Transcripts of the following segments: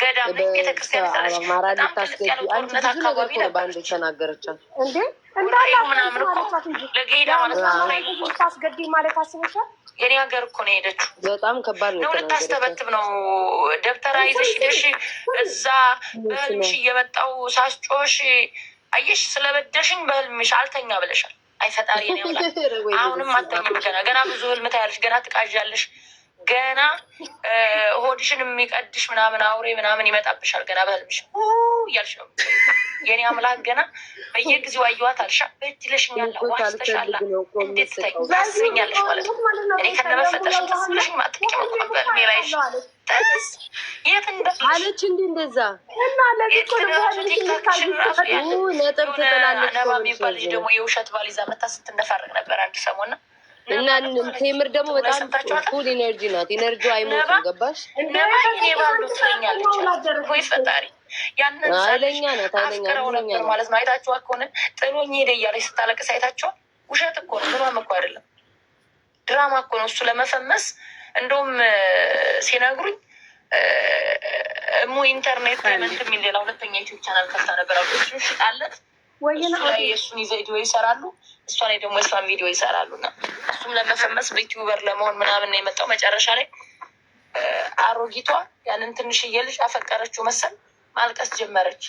ገዳም በጣም ከባድ ነው። ልታስተበትብ ነው። ደብተራ ይዘሽ ሄደሽ እዛ በህልምሽ እየመጣው ሳስጮሽ አየሽ፣ ስለበደሽኝ በህልምሽ አልተኛ ብለሻል። አሁንም አተኝም። ገና ገና ብዙ ህልም ታያለሽ። ገና ትቃዣለሽ ገና ሆድሽን የሚቀድሽ ምናምን አውሬ ምናምን ይመጣብሻል። ገና በህልምሽ እያልሽ ነው። የኔ አምላክ ገና በየጊዜው አየዋት አልሻ በእጅ ለሽኛላ ዋሽተሻላ እንዴት ታስበኛለሽ ማለት ነው። እኔ ከነበፈጠሽ ስለሽ ማጥቅ መቆበል ሜላይሽ የት አለች እንዲ እንደዛ ነጥብ ትጥላለች። ነባ የሚባል ልጅ ደግሞ የውሸት ባል ይዛ መታ ስትነፋረቅ ነበር አንድ ሰሞን እና ቴምር ደግሞ በጣም ፉል ኢነርጂ ናት። ኢነርጂ አይሞትም። ገባሽ? ፈጣሪ ያንን ኃይለኛ ናት። ኃይለኛ ማለት ነው። አይታችኋት ከሆነ ጥሎኝ ሄደ እያለች ስታለቅስ አይታችኋት። ውሸት እኮ ነው። ድራማ እኮ አይደለም። ድራማ እኮ ነው። እሱ ለመፈመስ እንደውም ሲነግሩኝ እሙ ኢንተርኔት ፔመንት የሚል ሌላ ሁለተኛ ዩቲዩብ ቻናል ከፍታ ነበር አሉ። እሱ ሽጣለት እሱን ይዘ ቪዲዮ ይሰራሉ፣ እሷ ላይ ደግሞ የእሷን ቪዲዮ ይሰራሉ። እና እሱም ለመፈመስ በዩቲዩበር ለመሆን ምናምን ነው የመጣው። መጨረሻ ላይ አሮጊቷ ያንን ትንሽዬ ልጅ አፈቀረችው መሰል ማልቀስ ጀመረች።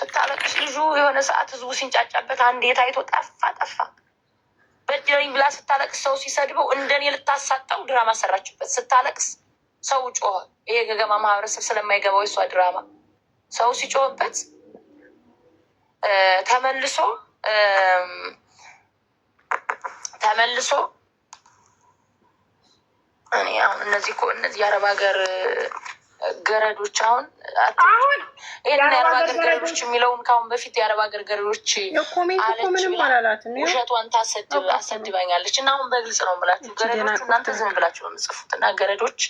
ስታለቅስ ልጁ የሆነ ሰዓት ህዝቡ ሲንጫጫበት አንዴ ታይቶ ጠፋ ጠፋ። በደረኝ ብላ ስታለቅስ ሰው ሲሰድበው እንደኔ ልታሳጣው ድራማ ሰራችበት። ስታለቅስ ሰው ጮኸ። ይሄ ገገማ ማህበረሰብ ስለማይገባው የሷ ድራማ ሰው ሲጮህበት ተመልሶ ተመልሶ እኔ አሁን እነዚህ እነዚህ የአረብ ሀገር ገረዶች አሁን የአረብ ሀገር ገረዶች የሚለውን ከአሁን በፊት የአረብ ሀገር ገረዶች ውሸቷን አሰድባኛለች። እና አሁን በግልጽ ነው ብላችሁ ገረዶች እናንተ ዝም ብላችሁ ነው የምጽፉት። እና ገረዶች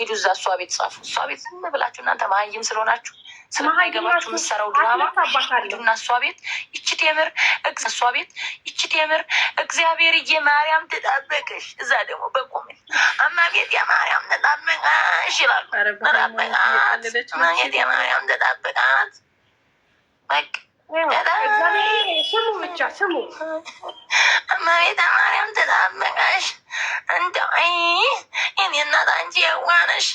ሂዱ እዛ እሷ ቤት ጻፉ፣ እሷ ቤት ዝም ብላችሁ እናንተ መሀይም ስለሆናችሁ ስለማይገባችሁ የምትሰራው ድራማ እና እሷ ቤት ይቺ ቴምር እሷ ቤት ይቺ ቴምር እግዚአብሔር እየ ማርያም ትጣበቅሽ። እዛ ደግሞ በቁሜት አማ ቤት የማርያም ተጣበቃሽ ይላሉ። ተጣበቃት የማርያም ተጣበቃት በቃ ስሙ ብቻ ስሙ። እመቤተ ማርያም ተጣበቀሽ። እንደው አይ የኔ እናት አንቺ የዋህ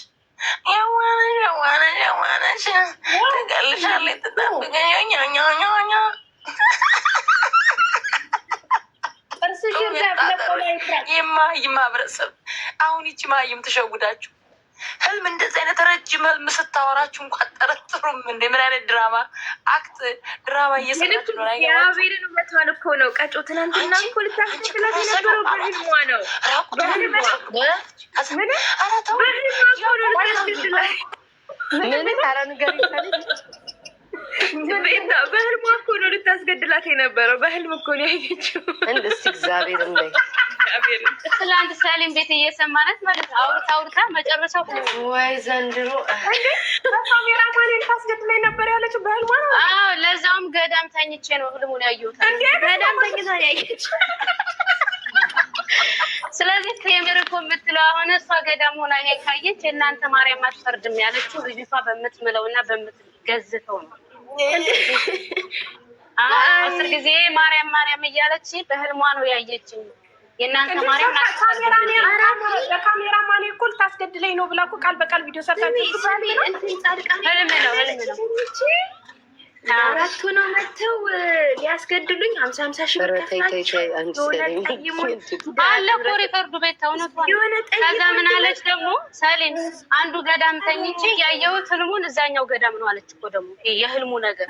ማህበረሰብ አሁን ይቺ ማይም ተሸውዳችሁ ህልም እንደዚህ አይነት ረጅም ህልም ስታወራችሁ እንኳን ጠረት አትሰሩም? እንደ ምን አይነት ድራማ አክት ድራማ እየሰራችሁ ነው? የአቤልን ውበቷን እኮ ነው ቀጮ። ትናንትና እኮ ልታስችላት የነበረው በህልሟ ነው። በህልሟ እኮ ነው ልታስገድላት የነበረው። በህልም እኮ ነው ያየችው። እግዚአብሔር እንደ ትላንት ሰሊም ቤት እየሰማነት ማለት አውርታ አውርታ መጨረሻው ወይ ዘንድሮ በካሜራ ታስገድለኝ ነበር ያለችው በህልሟ ነው። አዎ ለዛውም ገዳም ተኝቼ ነው ህልሙን ያየሁት። ገዳም ተኝታ ያየች። ስለዚህ ቴምር እኮ የምትለው አሁን እሷ ገዳም ሆና ይሄ ካየች የእናንተ ማርያም አትፈርድም ያለችው ልጅቷ በምትምለው እና በምትገዝተው ነው። አስር ጊዜ ማርያም ማርያም እያለች በህልሟ ነው ያየችኝ። የእናንተ ማርያም ለካሜራ ማን እኮ ልታስገድለኝ ነው ብላ እኮ ቃል በቃል ቪዲዮ ሰርታችሁ አራቱ ነው ሊያስገድሉኝ ሀምሳ ሀምሳ ብር እኮ ሪከርዱ ቤት ከዛ ምን አለች ደግሞ ሰሌን አንዱ ገዳም ተኝቼ ያየሁት ህልሙን እዛኛው ገዳም ነው አለች እኮ ደግሞ የህልሙ ነገር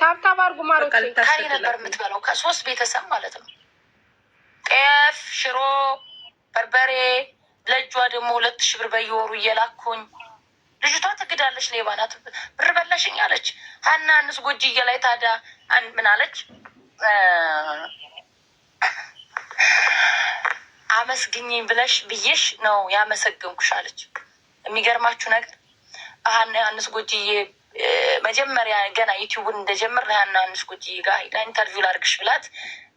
ታብታብ አርጉ ማሮቼ። ካሪ ነበር የምትበላው ከሶስት ቤተሰብ ማለት ነው። ጤፍ፣ ሽሮ፣ በርበሬ ለእጇ ደግሞ ሁለት ሺ ብር በየወሩ እየላኩኝ ልጅቷ ትግዳለች። ሌባ ናት። ብር በላሽኝ አለች ሀና እንስ ጎጅዬ ላይ ታዲያ ምን አለች? አመስግኝኝ ብለሽ ብዬሽ ነው ያመሰገንኩሽ አለች። የሚገርማችሁ ነገር ሀና ዮሐንስ ጎጅዬ መጀመሪያ ገና ዩቲዩቡን እንደጀምር ለሀና ንስኩጂ ጉጂ ጋር ኢንተርቪው ላድርግሽ ብላት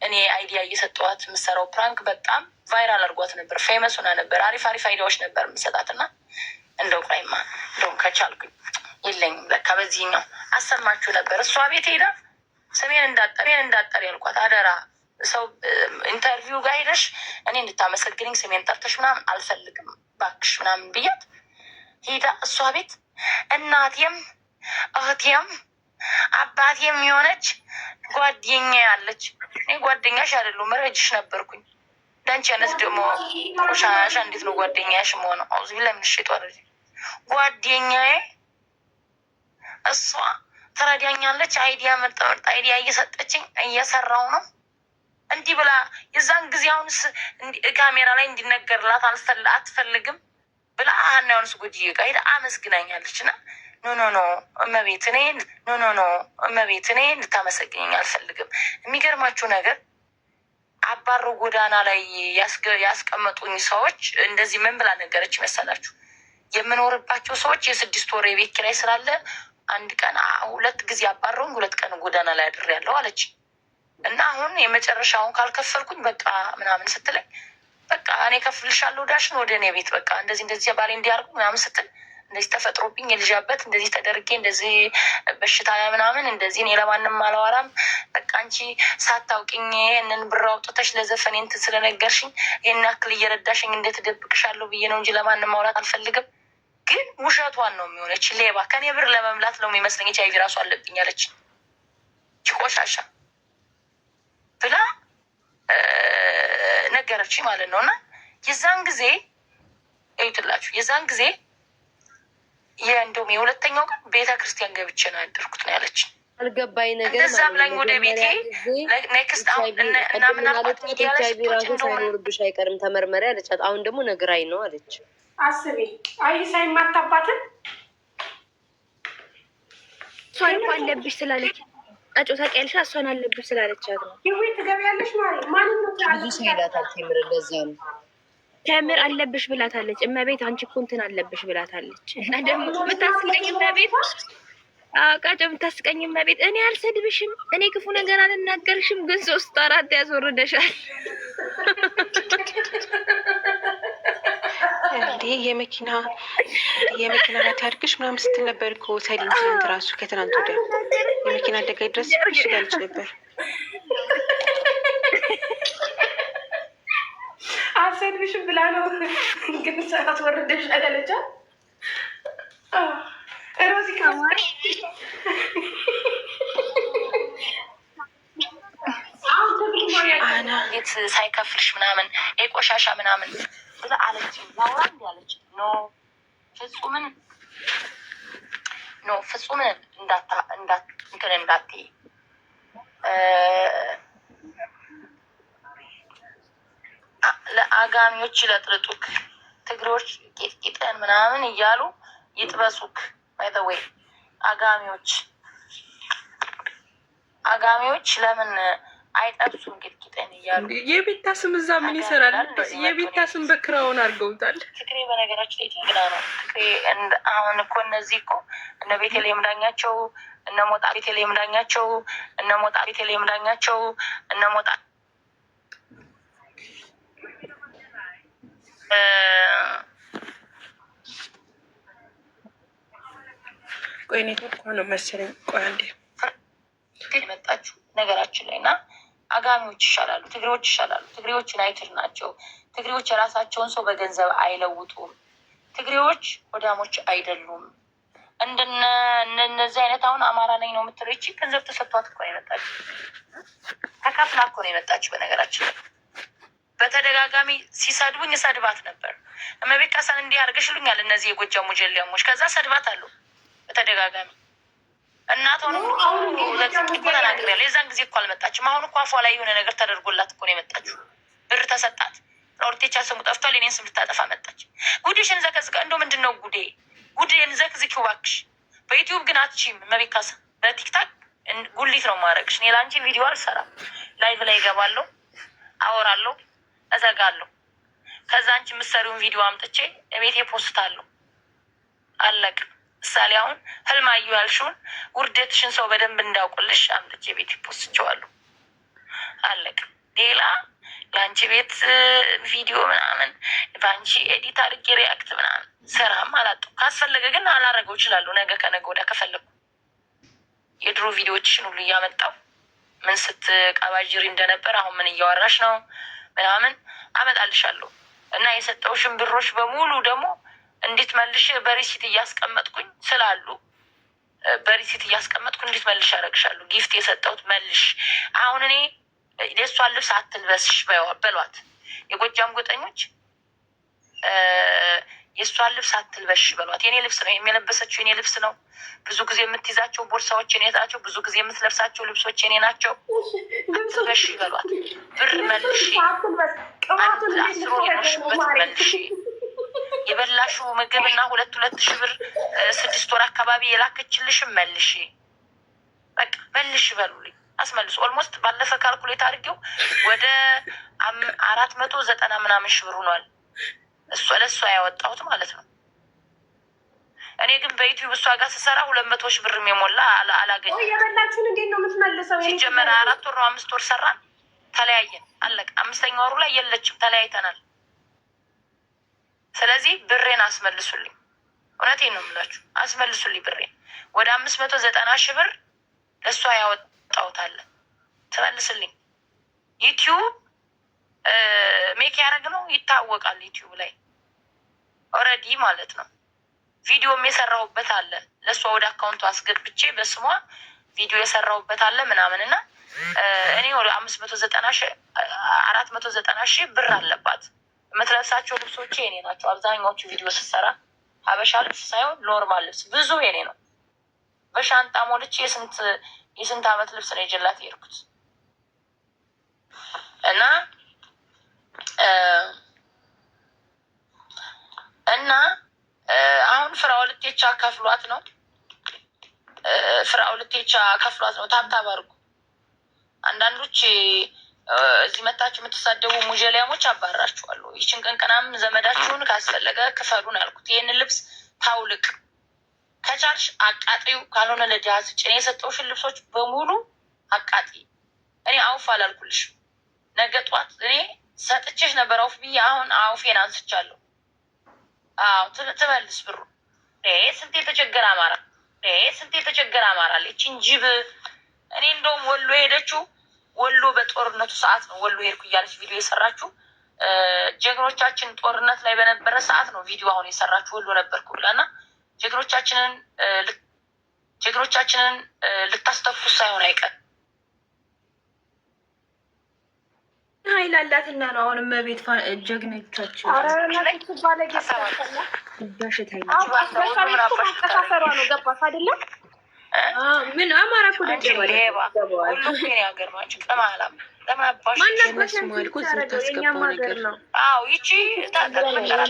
እኔ አይዲያ እየሰጠዋት የምሰራው ፕራንክ በጣም ቫይራል አድርጓት ነበር። ፌመስ ሆና ነበር። አሪፍ አሪፍ አይዲያዎች ነበር የምሰጣት እና እንደው ቁራይማ እንደውም ከቻልኩኝ የለኝም ለካ በዚህ ነው አሰማችሁ ነበር። እሷ ቤት ሄዳ ስሜን እንዳጠር ሜን እንዳጠር ያልኳት አደራ ሰው ኢንተርቪው ጋር ሄደሽ እኔ እንድታመሰግንኝ ስሜን ጠርተሽ ምናምን አልፈልግም ባክሽ ምናምን ብያት ሄዳ እሷ ቤት እናቴም እህቴም አባቴም የሆነች ጓደኛ ያለች እኔ ጓደኛሽ አይደለሁም መረጅሽ ነበርኩኝ። ዳንቺ አይነት ደግሞ ቆሻሻ እንዴት ነው ጓደኛሽ መሆነ? አውዚ ለምንሽጡ ሽጦ ጓደኛዬ እሷ ትረዳኛለች። አይዲያ መጠመርጥ አይዲያ እየሰጠችኝ እየሰራው ነው እንዲህ ብላ የዛን ጊዜ አሁንስ ካሜራ ላይ እንዲነገርላት አትፈልግም ብላ አሁን የሆንስ ጉድ እየቃ ሄዳ አመስግናኛለች እና ኖ ኖ ኖ እመቤት እኔ ኖ ኖ ኖ እመቤት እኔ እንድታመሰግኝ አልፈልግም። የሚገርማችሁ ነገር አባሮ ጎዳና ላይ ያስቀመጡኝ ሰዎች እንደዚህ ምን ብላ ነገረች ይመሰላችሁ? የምኖርባቸው ሰዎች የስድስት ወር የቤት ኪራይ ስላለ አንድ ቀን ሁለት ጊዜ አባረውኝ ሁለት ቀን ጎዳና ላይ ያለው አለች እና አሁን የመጨረሻውን ካልከፈልኩኝ በቃ ምናምን ስትለኝ በቃ እኔ ከፍልሻለሁ ዳሽን ወደ እኔ ቤት በቃ እንደዚህ እንደዚህ ባሌ እንዲያርጉ ምናምን ስትል እንደዚህ ተፈጥሮብኝ የልጃበት እንደዚህ ተደርጌ እንደዚህ በሽታ ምናምን እንደዚህ እኔ ለማንም አላወራም። በቃ አንቺ ሳታውቂኝ ይህንን ብር አውጥተሽ ለዘፈን እንትን ስለነገርሽኝ ይህን ያክል እየረዳሽኝ እንዴት እደብቅሻለሁ ብዬ ነው እንጂ ለማንም ማውራት አልፈልግም። ግን ውሸቷን ነው የሚሆነች ሌባ ከኔ ብር ለመምላት ነው የሚመስለኝ። ኤች አይቪ ራሱ አለብኝ አለች ቆሻሻ ብላ ነገረች ማለት ነው እና የዛን ጊዜ እዩትላችሁ የዛን ጊዜ የእንዶም የሁለተኛው ቀን ቤተ ክርስቲያን ገብቼ ነው ያደርኩት ነው ያለች። አልገባኝ ነገር እዛ ብላኝ ወደ ቤቴ ኔክስት እናምናባት ሚዲያ ላይ ሳይኖርብሽ አይቀርም ተመርመሪ አለቻት። አሁን ደግሞ ነግራኝ ነው አለች። አስቤ አይ ሳይማታባትን እሷን አለብሽ ስላለች አጮ ታውቂያለሽ። እሷን አለብሽ ስላለቻት ነው ይሄ ትገቢያለሽ ማለት ማንም ነው ብዙ ሲላታል። ምር እንደዚያ ነው ተምር አለብሽ ብላታለች። እመቤት አንቺ እኮ እንትን አለብሽ ብላታለች። እና ደግሞ የምታስቀኝ እመቤት አቃጭ የምታስቀኝ እመቤት እኔ አልሰድብሽም፣ እኔ ክፉ ነገር አልናገርሽም፣ ግን ሶስት አራት ያስወርደሻል። እንዴ የመኪና የመኪና ታድግሽ ምናምን ስትል ነበር እኮ ሳይሊን ትናንት ራሱ ከትናንት ወደ የመኪና አደጋ ድረስ ሽጋልች ነበር አልሰድብሽም ብላ ነው ግን ሰዓት ወረደሽ አላለቻ ሮዚ ቤት ሳይከፍልሽ ምናምን የቆሻሻ ምናምን ብላ አለች። ላውራ እንዲ አለች። ኖ ፍጹምን ኖ ፍጹምን እንዳታ እንትን እንዳትዪ ለአጋሚዎች ይለጥርጡክ ትግሮች ቂጥቂጠን ምናምን እያሉ ይጥበሱክ። ባይተወይ አጋሚዎች አጋሚዎች ለምን አይጠብሱም? ቂጥቂጠን እያሉ የቤታ ስም እዛ ምን ይሰራል? የቤታ ስም በክራውን አድርገውታል። ትግሬ በነገራችን ላይ ትግና ነው። ትግሬ አሁን እኮ እነዚህ እኮ እነ ቤተልሔም ዳኛቸው እነ ሞጣ ቤተልሔም ዳኛቸው እነ ሞጣ ቤተልሔም ዳኛቸው እነ ሞጣ ቆይ ኔትወርክ ነው መሰለኝ። ቆይ አንዴ የመጣችሁ ነገራችን ላይ እና አጋሚዎች ይሻላሉ፣ ትግሬዎች ይሻላሉ። ትግሬዎች ዩናይትድ ናቸው። ትግሬዎች የራሳቸውን ሰው በገንዘብ አይለውጡም። ትግሬዎች ወዳሞች አይደሉም። እንደነ እነዚህ አይነት አሁን አማራ ነኝ ነው የምትለው ይቺ ገንዘብ ተሰጥቷት እኮ ነው የመጣችው። ተካፍላ እኮ ነው የመጣችው በነገራችን ላይ በተደጋጋሚ ሲሰድቡኝ ሰድባት ነበር። እመቤት ቃሳን እንዲህ አድርገሽልኛል እነዚህ የጎጃሙ ጀለሞች። ከዛ ሰድባት አሉ በተደጋጋሚ እናት ሆነ ተናግሬያለሁ። የዛን ጊዜ እኮ አልመጣችም። አሁን እኮ አፏ ላይ የሆነ ነገር ተደርጎላት እኮ ነው የመጣችው። ብር ተሰጣት። ለወርቴቻ ስሙ ጠፍቷል። የኔን ስም ልታጠፋ መጣች። ጉድሽን ዘከዝቀ እንደ ምንድን ነው ጉዴ? ጉዴን ዘክዝኪ እባክሽ። በዩቲዩብ ግን አትችም እመቤት ካሳ። በቲክታክ ጉሊት ነው ማድረግሽ። እኔ ለአንቺ ቪዲዮ አልሰራም። ላይቭ ላይ ይገባለሁ፣ አወራለሁ እዘጋለሁ። ከዛ አንቺ የምትሰሪውን ቪዲዮ አምጥቼ እቤቴ ፖስታለሁ። አለቅ ምሳሌ አሁን ህልማዩ ያልሽውን ውርደትሽን ሰው በደንብ እንዳውቁልሽ አምጥቼ ቤቴ ፖስትቼዋለሁ። አለቅ ሌላ የአንቺ ቤት ቪዲዮ ምናምን በአንቺ ኤዲት አድርጌ ሪያክት ምናምን ስራም አላጠው። ካስፈለገ ግን አላረገው እችላለሁ። ነገ ከነገ ወዲያ ከፈለጉ የድሮ ቪዲዮዎችሽን ሁሉ እያመጣው ምን ስትቀባጅሪ እንደነበር አሁን ምን እያወራሽ ነው ምናምን አመጣልሻለሁ እና የሰጠውሽን ብሮች በሙሉ ደግሞ እንድትመልሽ በሪሲት እያስቀመጥኩኝ ስላሉ በሪሲት እያስቀመጥኩ እንድትመልሽ ያደርግሻለሁ። ጊፍት የሰጠሁት መልሽ። አሁን እኔ የእሷን ልብስ አትልበስሽ በሏት። የጎጃም ጎጠኞች የእሷን ልብስ አትልበሽ በሏት። የኔ ልብስ ነው የሚለበሰችው፣ የኔ ልብስ ነው። ብዙ ጊዜ የምትይዛቸው ቦርሳዎች የኔ ናቸው። ብዙ ጊዜ የምትለብሳቸው ልብሶች የኔ ናቸው። አትልበሽ በሏት። ብር መልሽ፣ አስሮ መልሽ። ምግብና ሁለት ሁለት ሺህ ብር ስድስት ወር አካባቢ የላከችልሽ መልሽ፣ በቃ መልሽ በሉልኝ። አስመልሱ ኦልሞስት ባለፈ ካልኩሌት አድርጌው ወደ አራት መቶ ዘጠና ምናምን ሺህ ብር ሆኗል። እሷ ለእሷ ያወጣሁት ማለት ነው። እኔ ግን በዩቲዩብ እሷ ጋር ስሰራ ሁለት መቶ ሺህ ብር የሞላ አላገኘሁም። የበላችሁን እንዴት ነው የምትመልሰው? ሲጀመር አራት ወር ነው አምስት ወር ሰራን፣ ተለያየን፣ አለቀ። አምስተኛ ወሩ ላይ የለችም፣ ተለያይተናል። ስለዚህ ብሬን አስመልሱልኝ። እውነቴን ነው የምላችሁ፣ አስመልሱልኝ ብሬን። ወደ አምስት መቶ ዘጠና ሺህ ብር ለእሷ ያወጣውታለ ትመልስልኝ። ዩቲዩብ ሜክ ያደረግ ነው ይታወቃል፣ ዩቲዩብ ላይ ኦረዲ ማለት ነው። ቪዲዮም የሰራሁበት አለ ለእሷ ወደ አካውንቱ አስገብቼ በስሟ ቪዲዮ የሰራሁበት አለ ምናምን እና እኔ ወደ አምስት መቶ ዘጠና ሺ አራት መቶ ዘጠና ሺ ብር አለባት። የምትለብሳቸው ልብሶቼ የኔ ናቸው። አብዛኛዎቹ ቪዲዮ ስሰራ ሀበሻ ልብስ ሳይሆን ኖርማል ልብስ ብዙ የኔ ነው። በሻንጣ ሞልቼ የስንት የስንት አመት ልብስ ነው የጀላት የሄድኩት እና እና አሁን ፍራው ልቴቻ ከፍሏት ነው። ፍራው ልቴቻ ከፍሏት ነው። ታብታብ አድርጉ። አንዳንዶች እዚህ መታችሁ የምትሳደቡ ሙጀሊያሞች አባራችኋሉ። ይችን ቅንቅናም ዘመዳችሁን ካስፈለገ ክፈሉን አልኩት። ይህን ልብስ ታውልቅ ከቻልሽ አቃጢው፣ ካልሆነ ለድሃ ስጭ። እኔ የሰጠውሽን ልብሶች በሙሉ አቃጢ። እኔ አውፍ አላልኩልሽ። ነገ ጧት እኔ ሰጥቼሽ ነበር አውፍ ብዬ፣ አሁን አውፌን አንስቻለሁ። ትመልስ ብሩ። ስንት የተቸገረ አማራ ስንት የተቸገረ አማራ አለች እኔ እንደውም ወሎ ሄደችው ወሎ በጦርነቱ ሰዓት ነው ወሎ ሄድኩ እያለች ቪዲዮ የሰራችው ጀግኖቻችን ጦርነት ላይ በነበረ ሰዓት ነው ቪዲዮ አሁን የሰራችሁ ወሎ ነበርኩ ብላ እና ጀግኖቻችንን ጀግኖቻችንን ልታስተኩስ ሳይሆን አይቀር ኃይል አላትና ነው። አሁን መቤት ጀግኖቻችን ባለጌሰሯ ነው። አይደለም? ምን አማራ እኮ ይቺ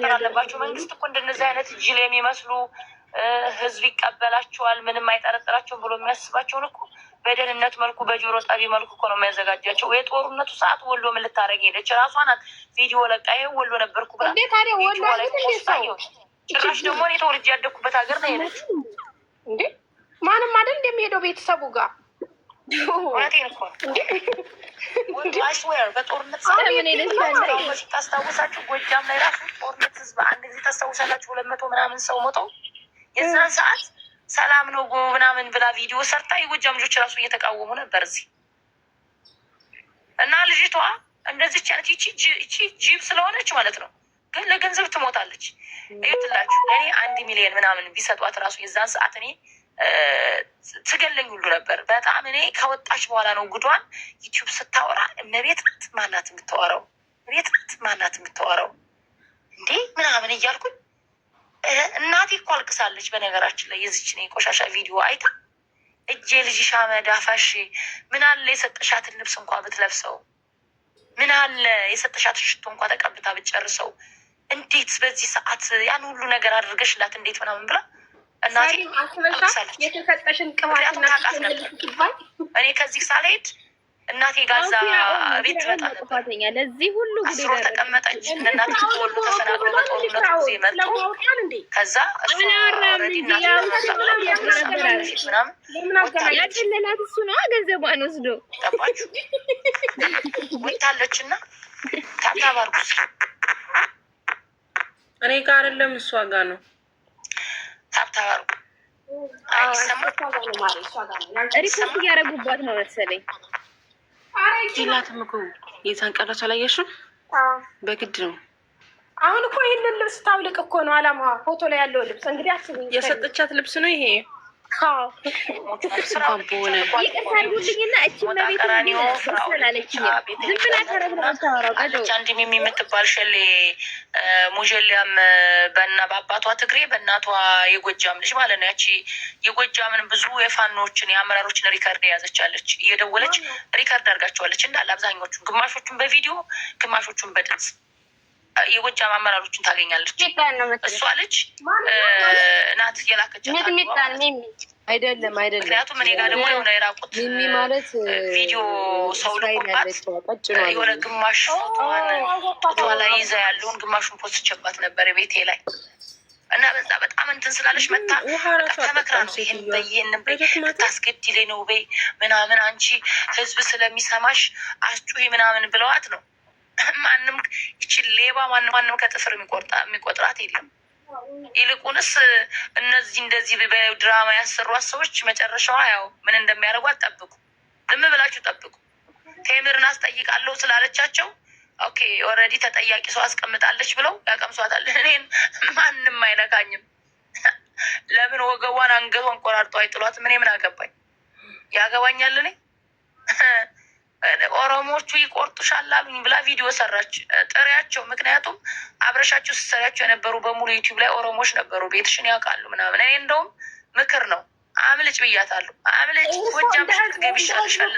መጠራጠር መንግስት እኮ እንደነዚህ አይነት ጅል የሚመስሉ ህዝብ ይቀበላቸዋል፣ ምንም አይጠረጥራቸውም ብሎ የሚያስባቸውን እኮ በደህንነት መልኩ በጆሮ ጠቢ መልኩ እኮ ነው የሚያዘጋጃቸው። የጦርነቱ ሰዓት ወሎ ምን ልታደርግ ሄደች? ራሷ ናት ቪዲዮ ለቃ ይኸው ወሎ ነበርኩ ብላ ጭራሽ ደግሞ እኔ ተወልጄ ያደግኩበት ሀገር ነው ሄደች። እንዴ ማንም አይደል እንደሚሄደው ቤተሰቡ ጋር ስታስታውሳችሁ ጎጃም ላይ ራሱ ጦርነት ህዝብ አንድ ጊዜ ታስታውሳላችሁ። ሁለት መቶ ምናምን ሰው ሞተው የዛን ሰዓት ሰላም ነው ምናምን ብላ ቪዲዮ ሰርታ የጎጃም ልጆች ራሱ እየተቃወሙ ነበር እዚህ እና ልጅቷ እንደዚች አይነት ይቺ ጅብ ስለሆነች ማለት ነው ግን ለገንዘብ ትሞታለች። እዩትላችሁ እኔ አንድ ሚሊዮን ምናምን ቢሰጧት ራሱ የዛን ሰዓት እኔ ትገለኝ ሁሉ ነበር። በጣም እኔ ከወጣች በኋላ ነው ጉዷን ዩቲዩብ ስታወራ መቤት ማናት የምታወራው፣ እመቤት ማናት የምታወራው እንዴ ምናምን እያልኩኝ እናቴ እኮ አልቅሳለች። በነገራችን ላይ የዚችን የቆሻሻ ቪዲዮ አይታ እጄ ልጅሽ አመድ አፋሽ ምን አለ የሰጠሻትን ልብስ እንኳ ብትለብሰው፣ ምን አለ የሰጠሻትን ሽቶ እንኳ ተቀብታ ብትጨርሰው፣ እንዴት በዚህ ሰዓት ያን ሁሉ ነገር አድርገሽላት እንዴት ምናምን ብላ እናቴ አልቅሳለች። ምክንያቱም ታውቃት ነበር እኔ ከዚህ ሳልሄድ እናቴ ጋዛ ቤት ትመጣ ለዚህ ሁሉ አስሮ ተቀመጠች። እናቴ ከወሎ ተፈናቅሎ በጦርነቱ ጊዜ መጡ። ከዛ ያጨለላት እሱ ነው ገንዘቧን ወስዶ ገባችሁ። ወይታለች እና ታታባርጉስ እኔ ጋር አይደለም እሷ ጋር ነው ታብታባርጉ። አይሰማ ሪፖርት እያደረጉባት ነው መሰለኝ የላትም እኮ የዛን ላይ አላየሽም? በግድ ነው። አሁን እኮ ይህንን ልብስ ታውልቅ እኮ ነው አላማ። ፎቶ ላይ ያለው ልብስ እንግዲህ የሰጠቻት ልብስ ነው ይሄ አንድም የምትባል ሸሌ ሙጀሊያም በና በአባቷ ትግሬ በእናቷ የጎጃም ልጅ ማለት ነው። ያቺ የጎጃምን ብዙ የፋኖችን የአመራሮችን ሪከርድ የያዘቻለች እየደወለች ሪከርድ አድርጋቸዋለች እንዳለ አብዛኞቹን፣ ግማሾቹን በቪዲዮ ግማሾቹን በድምጽ የጎጃም አመራሮችን ታገኛለች። እሷ ልጅ ናት የላከቻት አይደለም አይደለም። ምክንያቱም እኔ ጋር ደግሞ የሆነ የራቁት ማለት ቪዲዮ ሰው ልኮባት የሆነ ግማሽ ፎቶዋ ላይ ይዛ ያለውን ግማሹን ፖስትቼባት ነበር ቤቴ ላይ እና በዛ በጣም እንትን ስላለች መታ ተመክራ ነው ይህን በይህንን በይ ሌ ነው በይ ምናምን አንቺ ህዝብ ስለሚሰማሽ አስጩ ምናምን ብለዋት ነው ማንም ይች ሌባ ማንም ማንም ከጥፍር የሚቆጥራት የለም። ይልቁንስ እነዚህ እንደዚህ በድራማ ያሰሯት ሰዎች መጨረሻዋ ያው ምን እንደሚያደርጉ አጠብቁ። ዝም ብላችሁ ጠብቁ። ቴምርን አስጠይቃለሁ ስላለቻቸው ኦኬ ኦልሬዲ ተጠያቂ ሰው አስቀምጣለች ብለው ያቀምሷታል። እኔን ማንም አይነካኝም። ለምን ወገቧን አንገቷን ቆራርጠው አይጥሏትም? እኔ ምን አገባኝ? ያገባኛል እኔ ኦሮሞቹ ይቆርጡሻል አሉኝ ብላ ቪዲዮ ሰራች። ጥሪያቸው ምክንያቱም አብረሻቸው ስትሰሪያቸው የነበሩ በሙሉ ዩቲዩብ ላይ ኦሮሞች ነበሩ። ቤትሽን ያውቃሉ ምናምን። እኔ እንደውም ምክር ነው አምልጭ ብያታለሁ። አምልጭ ጎጃም ስትገቢ ይሻልሻል።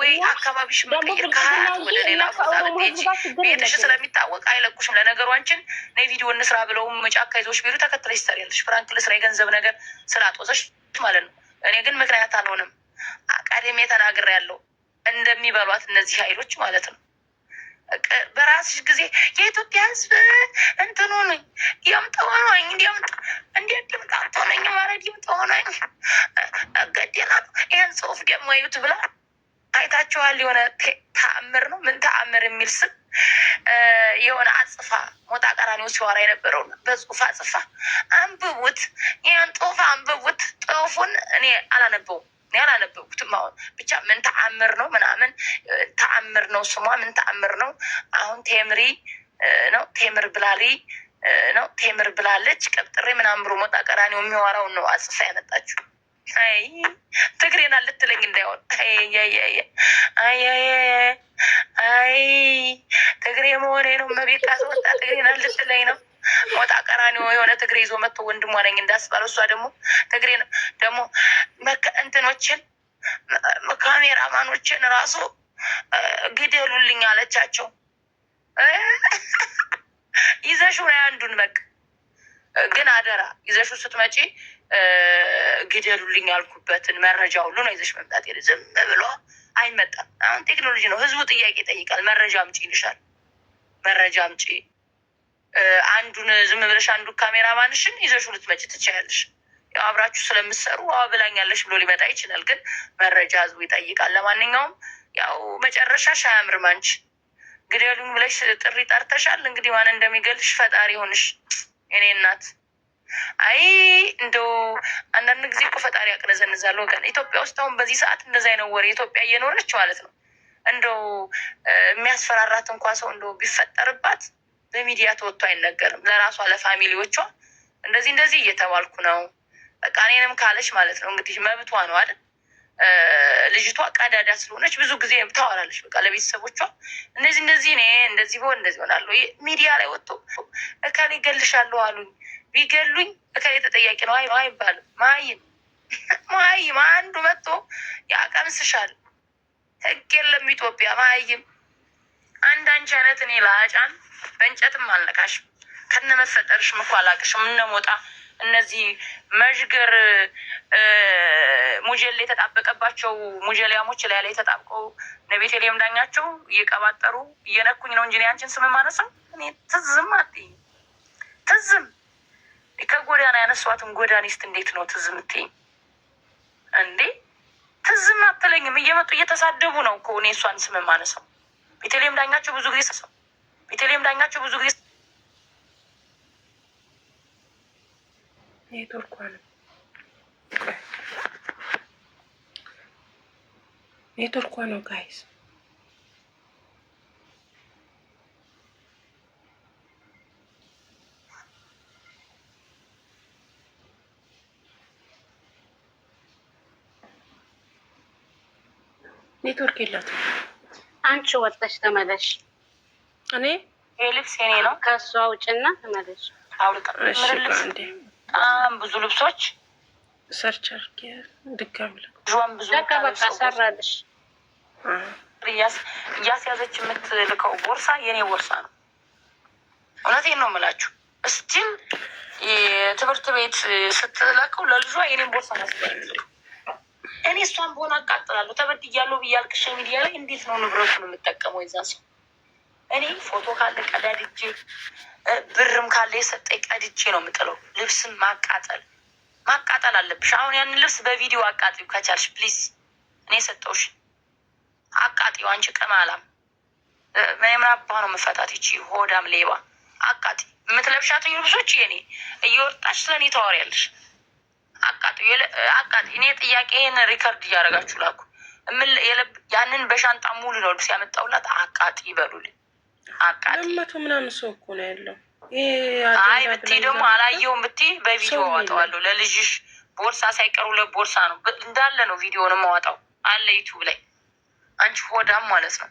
ወይ አካባቢሽ መቀየር ከሀያት ወደ ሌላ ቦታ ብትሄጂ ቤትሽ ስለሚታወቅ አይለቁሽም። ለነገሩ አንቺን ነይ ቪዲዮ እንስራ ብለውም መጫካ ይዞሽ ቢሉ ተከትለሽ ትሰሪያለሽ። ፍራንክ ልስራ የገንዘብ ነገር ስላጦዘሽ ማለት ነው። እኔ ግን ምክንያት አልሆንም። አቃዴሜ ተናግሬያለሁ። እንደሚበሏት እነዚህ ኃይሎች ማለት ነው። በራስሽ ጊዜ የኢትዮጵያ ሕዝብ እንትኑ ነኝ እንዲምጥ ሆኖኝ እንዲምጥ እንዴት ድምጣት ሆነኝ ማረድ ይምጥ ሆኖኝ ገዴና ይህን ጽሁፍ ደግሞ ዩት ብላ አይታችኋል። የሆነ ተአምር ነው ምን ተአምር የሚል ስም የሆነ አጽፋ ሞጣ ቀራኒው ሲዋራ የነበረው በጽሁፍ አጽፋ አንብቡት፣ ይህን ጽሁፍ አንብቡት። ጽሁፉን እኔ አላነበውም እኔ አላነበብኩትም። አሁን ብቻ ምን ተአምር ነው ምናምን ተአምር ነው ስሟ ምን ተአምር ነው። አሁን ቴምሪ ነው ቴምር ብላሪ ነው ቴምር ብላለች። ቀብጥሬ ምናምሩ ሞጣ ቀራኔው የሚዋራውን ነው አጽፋ ያመጣችሁ። አይ ትግሬና ልትለኝ እንዳይሆን አይ ትግሬ መሆኔ ነው መቤት አስወጣ ትግሬና ልትለኝ ነው ሞጣ ቀራኒ የሆነ ትግሬ ይዞ መጥቶ ወንድሟ ነኝ እንዳስባለ እሷ ደግሞ ትግሬ ነው። ደግሞ እንትኖችን ካሜራማኖችን ራሱ ግደሉልኝ አለቻቸው። ይዘሹ ነው አንዱን በቃ ግን አደራ ይዘሹ ስትመጪ ግደሉልኝ ያልኩበትን መረጃ ሁሉ ነው ይዘሽ መምጣት። ዝም ብሎ አይመጣም። አሁን ቴክኖሎጂ ነው። ህዝቡ ጥያቄ ይጠይቃል። መረጃ አምጪ ይልሻል። መረጃ አምጪ አንዱን ዝም ብለሽ አንዱ ካሜራማንሽን ይዘሽ ልትመጪ ትችያለሽ። ያው አብራችሁ ስለምትሰሩ አዎ ብላኛለሽ ብሎ ሊመጣ ይችላል። ግን መረጃ ህዝቡ ይጠይቃል። ለማንኛውም ያው መጨረሻሽ አያምርም። አንቺ ግደሉኝ ብለሽ ጥሪ ጠርተሻል። እንግዲህ ማን እንደሚገልሽ ፈጣሪ ሆንሽ እኔ እናት። አይ እንደው አንዳንድ ጊዜ እኮ ፈጣሪ ያቅነዘንዛል ወገን። ኢትዮጵያ ውስጥ አሁን በዚህ ሰዓት እንደዚ አይነት ወሬ ኢትዮጵያ እየኖረች ማለት ነው እንደው የሚያስፈራራት እንኳ ሰው እንደው ቢፈጠርባት በሚዲያ ተወጥቶ አይነገርም። ለራሷ ለፋሚሊዎቿ እንደዚህ እንደዚህ እየተባልኩ ነው በቃ እኔንም ካለች ማለት ነው እንግዲህ መብቷ ነው አይደል? ልጅቷ ቀዳዳ ስለሆነች ብዙ ጊዜ ታወራለች። በቃ ለቤተሰቦቿ እንደዚህ እንደዚህ እኔ እንደዚህ በሆን እንደዚህ ሆናለሁ። ሚዲያ ላይ ወጥቶ እከሌ ይገልሻለሁ አሉኝ ቢገሉኝ እከሌ ተጠያቂ ነው አይ አይባልም። መሀይም ማይም አንዱ መጥቶ ያቀምስሻል። ህግ የለም ኢትዮጵያ ማይም አንድ አንቺ አይነት እኔ ላጫን በእንጨትም አልነቃሽም። ከነመፈጠርሽም እኮ አላቅሽም። እነሞጣ እነዚህ መዥገር ሙጀሌ የተጣበቀባቸው ሙጀሊያሞች ላይ ላይ ተጣብቀው ነቤቴሌም ዳኛቸው እየቀባጠሩ እየነኩኝ ነው እንጂ ያንችን ስም ማነስም እኔ ትዝም አትይኝ ትዝም ከጎዳና ያነሷትን ጎዳኒስት እንዴት ነው ትዝም ምትይኝ እንዴ? ትዝም አትለኝም። እየመጡ እየተሳደቡ ነው እኮ እኔ እሷን ስም ማነሰው ቤተልሔም ዳኛቸው ብዙ ጊዜ ሰው ვიტილიმ დაინგაჩუ ბუზუგი ნე თურქვალ ნე თურქვალო გაის ნე თურქილოთ ანჩუ ვაწაშ და მალაში እኔ ልብስ የኔ ነው። ከእሱ አውጭና ተመለሱ። በጣም ብዙ ልብሶች ሰርች አድርጌ ድጋሚ እያስያዘች የምትልከው ቦርሳ የኔ ቦርሳ ነው። እውነቴን ነው የምላችሁ። እስቲም የትምህርት ቤት ስትለከው ለልጇ የኔን ቦርሳ ማስያለሁ እኔ እሷን በሆነ አቃጥላለሁ። ተበድያለሁ ብዬ ሚዲያ ላይ እንዴት ነው ንብረቱን የምጠቀመው የዛን ሰው እኔ ፎቶ ካለ ቀዳድጄ ብርም ካለ የሰጠኝ ቀድጄ ነው የምጥለው። ልብስም ማቃጠል ማቃጠል አለብሽ። አሁን ያንን ልብስ በቪዲዮ አቃጥዩ ከቻልሽ ፕሊዝ። እኔ የሰጠውሽ አቃጥዩ። አንቺ ቅማላም ምን አባ ነው መፈታት ይቺ ሆዳም ሌባ አቃጥ የምትለብሻት ልብሶች የኔ እየወጣች ስለኔ ታወሪያለሽ። አቃጥዩ አቃጥ እኔ ጥያቄ ይሄን ሪከርድ እያደረጋችሁ ላኩ። ያንን በሻንጣ ሙሉ ነው ልብስ ያመጣውላት አቃጥ ይበሉልኝ። አቃጥል ለመቶ ምናምን ሰው እኮ ነው ያለው። አይ ብትይ ደግሞ አላየሁም ብትይ በቪዲዮ አወጣዋለሁ። ለልጅሽ ቦርሳ ሳይቀር ሁለት ቦርሳ ነው እንዳለ ነው ቪዲዮን ማወጣው አለ ዩቱብ ላይ አንቺ ሆዳም ማለት ነው።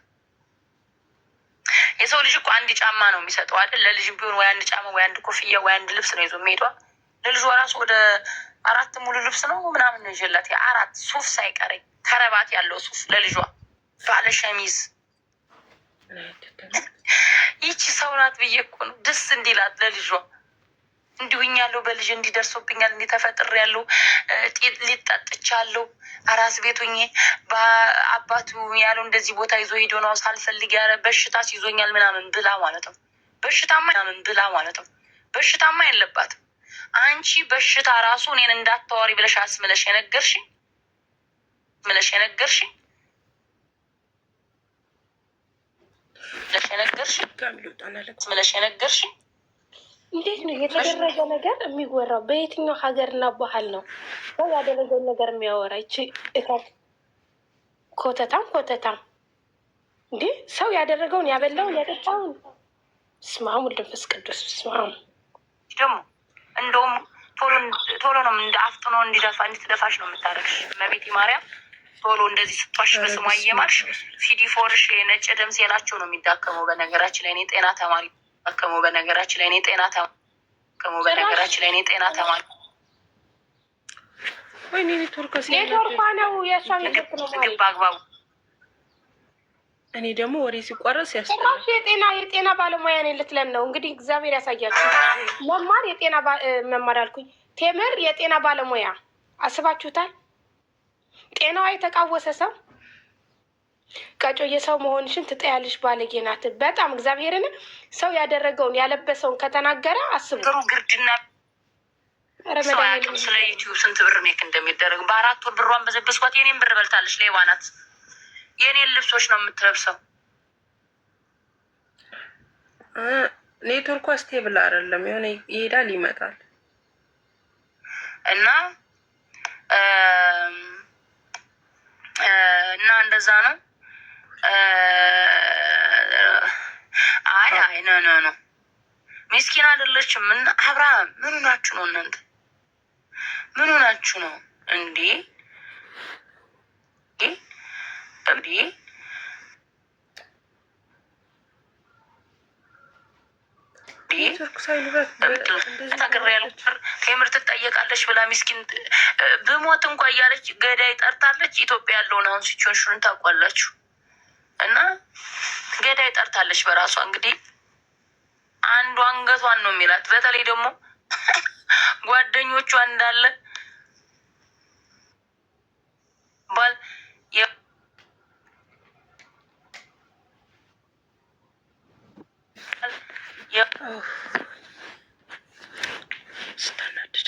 የሰው ልጅ እኮ አንድ ጫማ ነው የሚሰጠው አይደል? ለልጅ ቢሆን ወይ አንድ ጫማ ወይ አንድ ኮፍያ ወይ አንድ ልብስ ነው ይዞ የሚሄዷ። ለልጇ ራሱ ወደ አራት ሙሉ ልብስ ነው ምናምን ነው ይዤላት፣ የአራት ሱፍ ሳይቀረኝ ከረባት ያለው ሱፍ ለልጇ ባለ ሸሚዝ ይቺ ሰው ናት ብዬ እኮ ነው ደስ እንዲላት ለልጇ እንዲሁኝ ያለው በልጅ እንዲደርሶብኛል እንዲተፈጥር ያለው ሊጠጥቻለሁ አራስ ቤት በአባቱ ያለው እንደዚህ ቦታ ይዞ ሄዶ ነው ሳልፈልግ ያለ በሽታ ሲይዞኛል ምናምን ብላ ማለት ነው። በሽታማ ምናምን ብላ ማለት ነው። በሽታማ የለባትም። አንቺ በሽታ ራሱ እኔን እንዳታወሪ ብለሽ አስምለሽ የነገርሽኝ ምለሽ የነገርሽኝ ብለሽ የነገርሽኝ ብለሽ የነገርሽ እንዴት ነው የተደረገ ነገር የሚወራው? በየትኛው ሀገርና ባህል ነው ሰው ያደረገውን ነገር የሚያወራ? ይቺ እፈት ኮተታም ኮተታም እንዴ! ሰው ያደረገውን ያበላውን ያጠጣውን ስማሙ ልንፈስ ቅዱስ ስማሙ ደግሞ እንደውም ቶሎ ነው እንደ አፍጥኖ እንዲደፋ እንድትደፋሽ ነው የምታደርግሽ መቤቴ ማርያም ቶሎ እንደዚህ ስቷሽ በስሟ እየማልሽ ፊዲፎርሽ የነጭ ደም ሴላቸው ነው የሚዳከመው። በነገራችን ላይ እኔ ጤና ተማሪ ዳከመው። በነገራችን ላይ እኔ ጤና ተማሪ በነገራችን ላይ እኔ ጤና ተማሪ እኔ ደግሞ ወሬ ሲቋረስ ያስራሽ የጤና የጤና ባለሙያ ነኝ ልትለን ነው እንግዲህ። እግዚአብሔር ያሳያችሁ። መማር የጤና መማር አልኩኝ ቴምር የጤና ባለሙያ አስባችሁታል። ጤናዋ የተቃወሰ ሰው ቀጮ የሰው መሆንሽን ትጠያለሽ፣ ባለጌ ናት። በጣም እግዚአብሔርን ሰው ያደረገውን ያለበሰውን ከተናገረ አስቡ። ጥሩ ግርድና ስለ ዩቲዩብ ስንት ብር ሜክ እንደሚደረግ በአራት ወር ብሯን በዘበስኳት። የኔን ብር በልታለች። ሌባ ናት። የኔን ልብሶች ነው የምትለብሰው። ኔትወርኳ ስቴብል አይደለም። የሆነ ይሄዳል ይመጣል እና እና እንደዛ ነው። አይ አይ ነው ነው ነው ሚስኪን አይደለችም። ምን አብርሃም ምኑ ናችሁ ነው እናንተ ምኑ ናችሁ ነው እንዴ እንዴ ብዬ ቴምር ትጠየቃለች ብላ ሚስኪን ብሞት እንኳ እያለች ገዳይ ጠርታለች። ኢትዮጵያ ያለውን አሁን ሲችን ሹን ታውቋላችሁ። እና ገዳይ ጠርታለች በራሷ እንግዲህ አንዱ አንገቷን ነው የሚላት። በተለይ ደግሞ ጓደኞቿ እንዳለ ባል ስታናድድ